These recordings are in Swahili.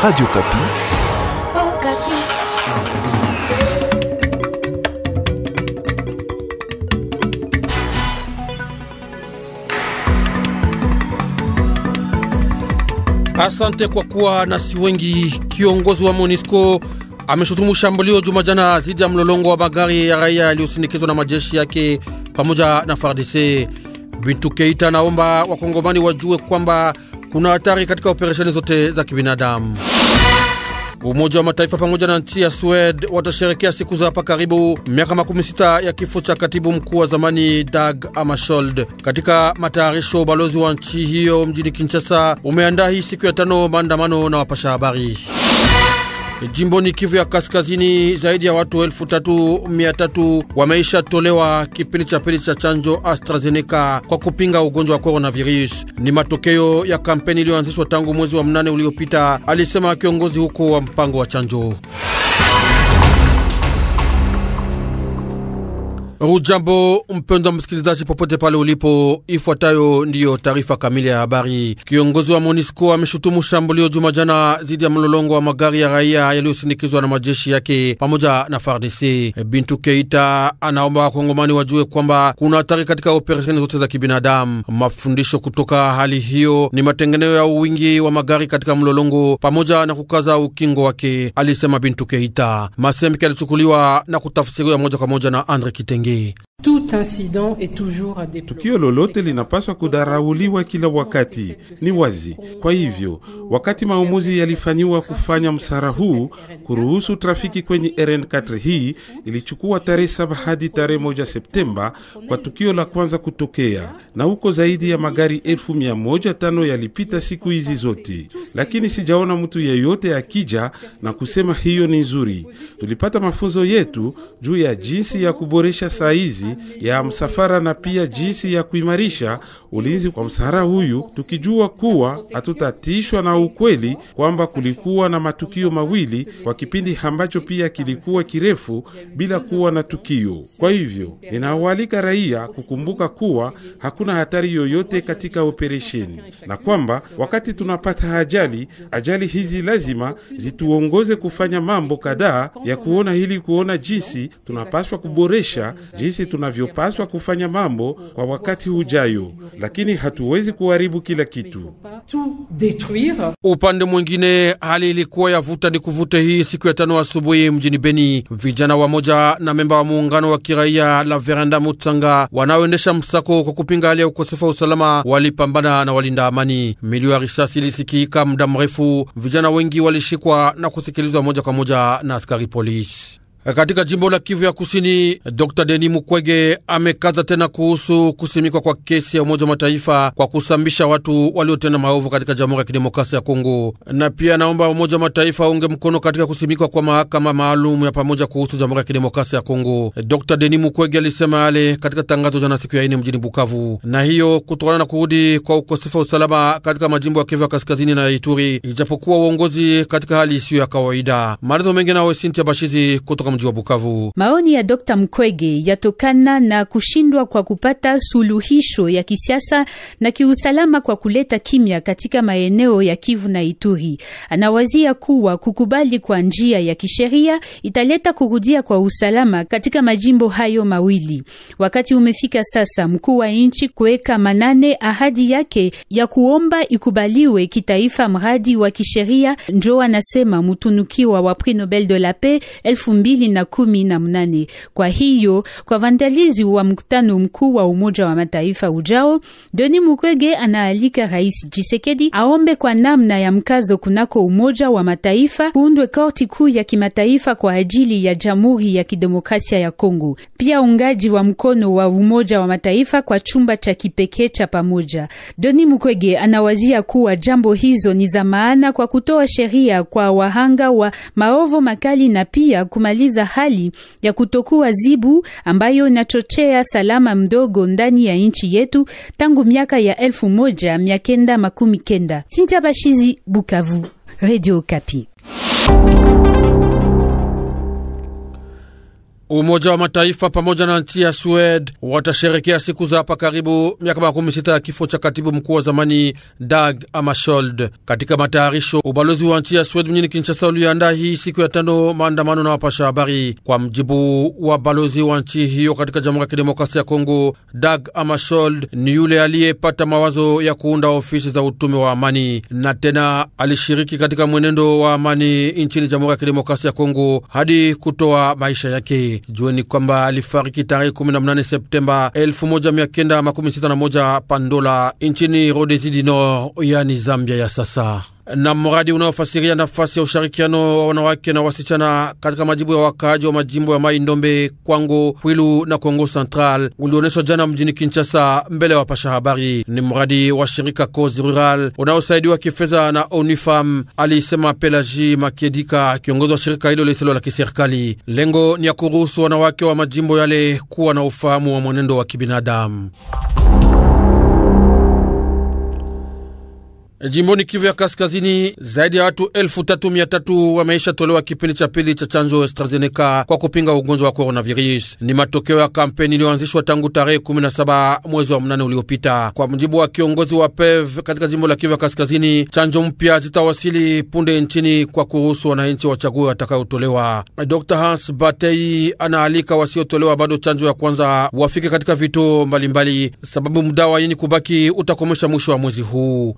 Radio Kapi. Oh, Kapi. Asante kwa kuwa nasi wengi. Kiongozi wa Monisco ameshutumu shambulio jumajana dhidi ya mlolongo wa magari ya raia yaliyosindikizwa na majeshi yake pamoja na FARDC. Bintu Keita naomba wakongomani wajue kwamba kuna hatari katika operesheni zote za kibinadamu. Umoja wa Mataifa pamoja na nchi ya Swed watasherekea siku za hapa karibu miaka makumi sita ya kifo cha katibu mkuu wa zamani Dag Amashold. Katika matayarisho, ubalozi wa nchi hiyo mjini Kinshasa umeandaa hii siku ya tano maandamano na wapasha habari. Jimboni Kivu ya Kaskazini, zaidi ya watu elfu tatu mia tatu wameisha tolewa kipindi cha pili cha chanjo AstraZeneca kwa kupinga ugonjwa wa coronavirus. Ni matokeo ya kampeni iliyoanzishwa tangu mwezi wa mnane uliopita, alisema kiongozi huko wa mpango wa chanjo. Rujambo mpendwa msikilizaji, popote pale ulipo, ifuatayo ndiyo taarifa kamili ya habari. Kiongozi wa MONUSCO ameshutumu shambulio juma jana dhidi ya mlolongo wa magari ya raia yaliyosindikizwa na majeshi yake pamoja na FARDC. Bintu Keita anaomba wakongomani wajue kwamba kuna hatari katika operesheni zote za kibinadamu. Mafundisho kutoka hali hiyo ni matengeneo ya uwingi wa magari katika mlolongo pamoja na kukaza ukingo wake, alisema Bintu Keita. Masemki alichukuliwa na kutafsiriwa moja kwa moja na Andre Kitenge. ดี Tukio lolote linapaswa kudharauliwa kila wakati, ni wazi. Kwa hivyo, wakati maamuzi yalifanyiwa kufanya msara huu kuruhusu trafiki kwenye RN4 hii, ilichukua tarehe saba hadi tarehe moja Septemba kwa tukio la kwanza kutokea, na huko zaidi ya magari elfu mia moja tano yalipita siku hizi zote, lakini sijaona mtu yeyote akija na kusema hiyo ni nzuri. Tulipata mafunzo yetu juu ya jinsi ya kuboresha saa hizi ya msafara na pia jinsi ya kuimarisha ulinzi kwa msafara huyu, tukijua kuwa hatutatishwa na ukweli kwamba kulikuwa na matukio mawili kwa kipindi ambacho pia kilikuwa kirefu bila kuwa na tukio. Kwa hivyo ninawaalika raia kukumbuka kuwa hakuna hatari yoyote katika operesheni na kwamba wakati tunapata ajali, ajali hizi lazima zituongoze kufanya mambo kadhaa ya kuona, ili kuona jinsi tunapaswa kuboresha jinsi tuna tunavyopaswa kufanya mambo kwa wakati ujayo, lakini hatuwezi kuharibu kila kitu. Upande mwingine, hali ilikuwa ya vuta ni kuvute. Hii siku ya tano asubuhi mjini Beni, vijana wamoja na memba wa muungano wa kiraia la Veranda Mutsanga wanaoendesha msako kwa kupinga hali ya ukosefu wa usalama walipambana na walinda amani. Milio ya risasi ilisikika muda mrefu, vijana wengi walishikwa na kusikilizwa moja kwa moja na askari polisi. Eh, katika jimbo la Kivu ya Kusini, Dr Deni Mukwege amekaza tena kuhusu kusimikwa kwa kesi ya Umoja wa Mataifa kwa kusambisha watu waliotenda maovu katika Jamhuri ya Kidemokrasia ya Kongo, na pia naomba Umoja wa Mataifa aunge mkono katika kusimikwa kwa mahakama maalum ya pamoja kuhusu Jamhuri ya Kidemokrasia ya Kongo. Eh, Dr Deni Mukwege alisema yale katika tangazo jana siku ya ine mjini Bukavu, na hiyo kutokana na kurudi kwa ukosefu wa usalama katika majimbo ya Kivu ya Kaskazini na Ituri, ijapokuwa uongozi katika hali isiyo ya kawaida. Maelezo mengi nawe Sintia Bashizi kutoka kutoka mji wa Bukavu. Maoni ya Dr. Mkwege yatokana na kushindwa kwa kupata suluhisho ya kisiasa na kiusalama kwa kuleta kimya katika maeneo ya Kivu na Ituri. Anawazia kuwa kukubali kwa njia ya kisheria italeta kurudia kwa usalama katika majimbo hayo mawili. Wakati umefika sasa mkuu wa nchi kuweka manane ahadi yake ya kuomba ikubaliwe kitaifa mradi wa kisheria, njo anasema mtunukiwa wa Prix Nobel de la Paix elfu mbili mbili na kumi na mnane. Kwa hiyo kwa vandalizi wa mkutano mkuu wa Umoja wa Mataifa ujao, Doni Mukwege anaalika Rais chisekedi aombe kwa namna ya mkazo kunako Umoja wa Mataifa kuundwe korti kuu ya kimataifa kwa ajili ya Jamhuri ya Kidemokrasia ya Kongo, pia ungaji wa mkono wa Umoja wa Mataifa kwa chumba cha kipekee cha pamoja. Doni Mukwege anawazia kuwa jambo hizo ni za maana kwa kutoa sheria kwa wahanga wa maovu makali na pia kumaliza kukuza hali ya kutokuwa zibu ambayo inachochea salama mdogo ndani ya nchi yetu tangu miaka ya elfu moja mia kenda makumi kenda. Sintia Bashizi, Bukavu, Radio Kapi. Umoja wa Mataifa pamoja na nchi ya Swed watasherekea siku za hapa karibu miaka makumi sita ya kifo cha katibu mkuu wa zamani Dag Amashold. Katika matayarisho, ubalozi wa nchi ya Swed mjini Kinshasa uliandaa hii siku ya tano maandamano na wapasha habari. Kwa mjibu wa balozi wa nchi hiyo katika Jamhuri ya Kidemokrasia ya Kongo, Dag Amashold ni yule aliyepata mawazo ya kuunda ofisi za utume wa amani, na tena alishiriki katika mwenendo wa amani nchini Jamhuri ya Kidemokrasia ya Kongo hadi kutoa maisha yake. Jueni kwamba alifariki tarehe 18 Septemba 1961 Pandola nchini Rodesi du Nord, yani Zambia ya sasa na mradi unaofasiria nafasi ya ushirikiano wa wanawake na wasichana katika majibu ya wakaaji wa majimbo ya Mai Ndombe, Kwango, Kwilu na Kongo Central ulioneshwa jana mjini Kinshasa mbele ya wapasha habari. Ni mradi wa shirika Kozi Rural unaosaidiwa kifedha na Onifam, alisema Pelaji Makiedika, kiongozi wa shirika hilo lisilo la kiserikali. Lengo ni ya kuruhusu wanawake wa majimbo yale kuwa na ufahamu wa mwenendo wa kibinadamu. Jimboni Kivu ya Kaskazini, zaidi ya watu elfu tatu mia tatu wameisha tolewa kipindi cha pili cha chanjo AstraZeneca kwa kupinga ugonjwa wa coronavirus. Ni matokeo ya kampeni iliyoanzishwa tangu tarehe 17 mwezi wa mnane uliopita. Kwa mjibu wa kiongozi wa PEV katika jimbo la Kivu ya Kaskazini, chanjo mpya zitawasili punde nchini kwa kuruhusu wananchi wachague watakayotolewa. Dr Hans Batei anaalika wasiotolewa bado chanjo ya kwanza wafike katika vituo mbalimbali, sababu muda wa yenye kubaki utakomesha mwisho wa mwezi huu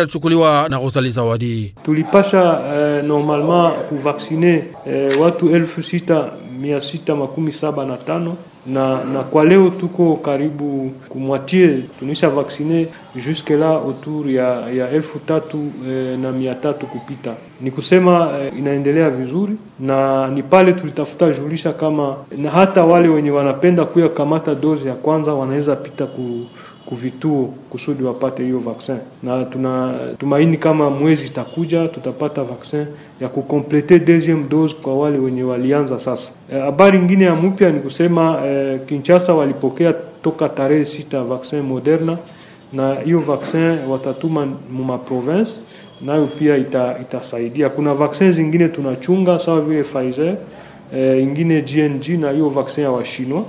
alichukuliwa na Rosali Zawadi. Tulipasha eh, normalement kuvaksine eh, watu elfu sita mia sita makumi saba na tano na, na kwa leo tuko karibu kumwatie tunaisha vaksine juske la autour ya, ya elfu tatu eh, na mia tatu kupita. Ni kusema eh, inaendelea vizuri, na ni pale tulitafuta julisha kama na hata wale wenye wanapenda kuya kamata dozi ya kwanza wanaweza pita ku kuvituo kusudi wapate hiyo vaccin, na tunatumaini kama mwezi itakuja tutapata vaksin ya kukomplete deuxième dose kwa wale wenye walianza sasa. Eh, habari e, ingine ya mpya ni kusema e, Kinshasa walipokea toka tarehe sita vaksin Moderna na hiyo vaksin watatuma muma province nayo pia ita, itasaidia. Kuna vaksin zingine tunachunga sawa vile Pfizer e, ingine GNG na hiyo vaksin ya Washinwa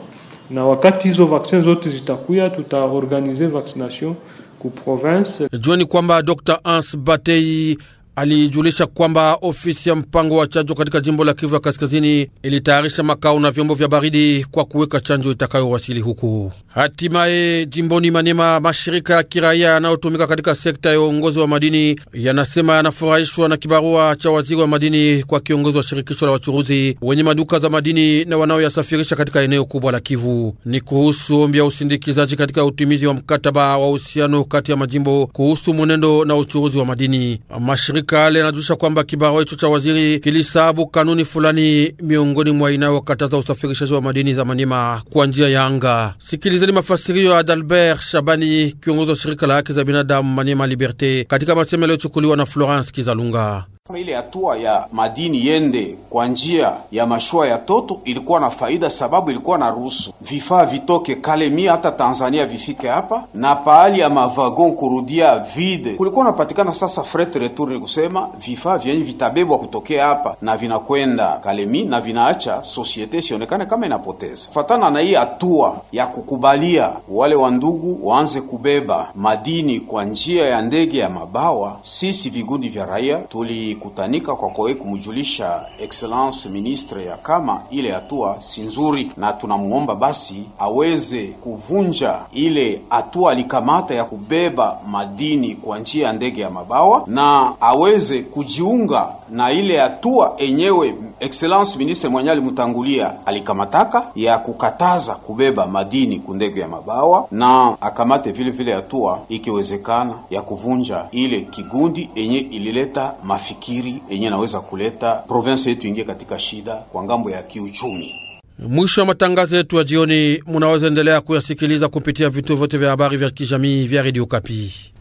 na wakati hizo vaksin zote zitakuya, tutaorganize vaccination ku province. Jueni kwamba Dr. Hans Batei alijulisha kwamba ofisi ya mpango wa chanjo katika jimbo la Kivu ya Kaskazini ilitayarisha makao na vyombo vya baridi kwa kuweka chanjo itakayowasili huku. Hatimaye jimboni Manema, mashirika ya kiraia yanayotumika katika sekta ya uongozi wa madini yanasema yanafurahishwa na kibarua cha waziri wa madini kwa kiongozi wa shirikisho la wachuruzi wenye maduka za madini na wanaoyasafirisha katika eneo kubwa la Kivu. Ni kuhusu ombi ya usindikizaji katika utimizi wa mkataba wa uhusiano kati ya majimbo kuhusu mwenendo na uchuruzi wa madini mashirika Serikali anajulisha kwamba kibarua hicho cha waziri kilisabu kanuni fulani miongoni mwa inayokataza usafirishaji wa madini za manima kwa njia ya anga. Sikilizeni mafasirio ya Adalbert Shabani, kiongozi wa shirika la haki za binadamu Manima Liberte, katika masemo yaliyochukuliwa na Florence Kizalunga. Kama ile hatua ya madini yende kwa njia ya mashua ya Toto ilikuwa na faida, sababu ilikuwa na ruhusu vifaa vitoke Kalemia hata Tanzania vifike hapa, na pahali ya mavagon kurudia vide kulikuwa napatikana sasa fret retour, ni kusema vifaa vyenye vitabebwa kutokea hapa na vinakwenda Kalemi na vinaacha sosiete sionekane kama inapoteza. Fatana na hii hatua ya kukubalia wale wandugu waanze kubeba madini kwa njia ya ndege ya mabawa, sisi vigundi vya raia tuli tulikutanika kwa kweli kumjulisha excellence ministre ya kama ile hatua si nzuri, na tunamwomba basi aweze kuvunja ile hatua alikamata ya kubeba madini kwa njia ya ndege ya mabawa na aweze kujiunga na ile hatua enyewe Excellence Ministre mwenye alimutangulia alikamataka ya kukataza kubeba madini kundege ya mabawa na akamate vile vile hatua ikiwezekana ya kuvunja ile kigundi enye ilileta mafikiri enye naweza kuleta province yetu ingie katika shida kwa ngambo ya kiuchumi. Mwisho wa matangazo yetu ya jioni, munaweza endelea kuyasikiliza kupitia vituo vyote vya habari vya kijamii vya Radio Kapi.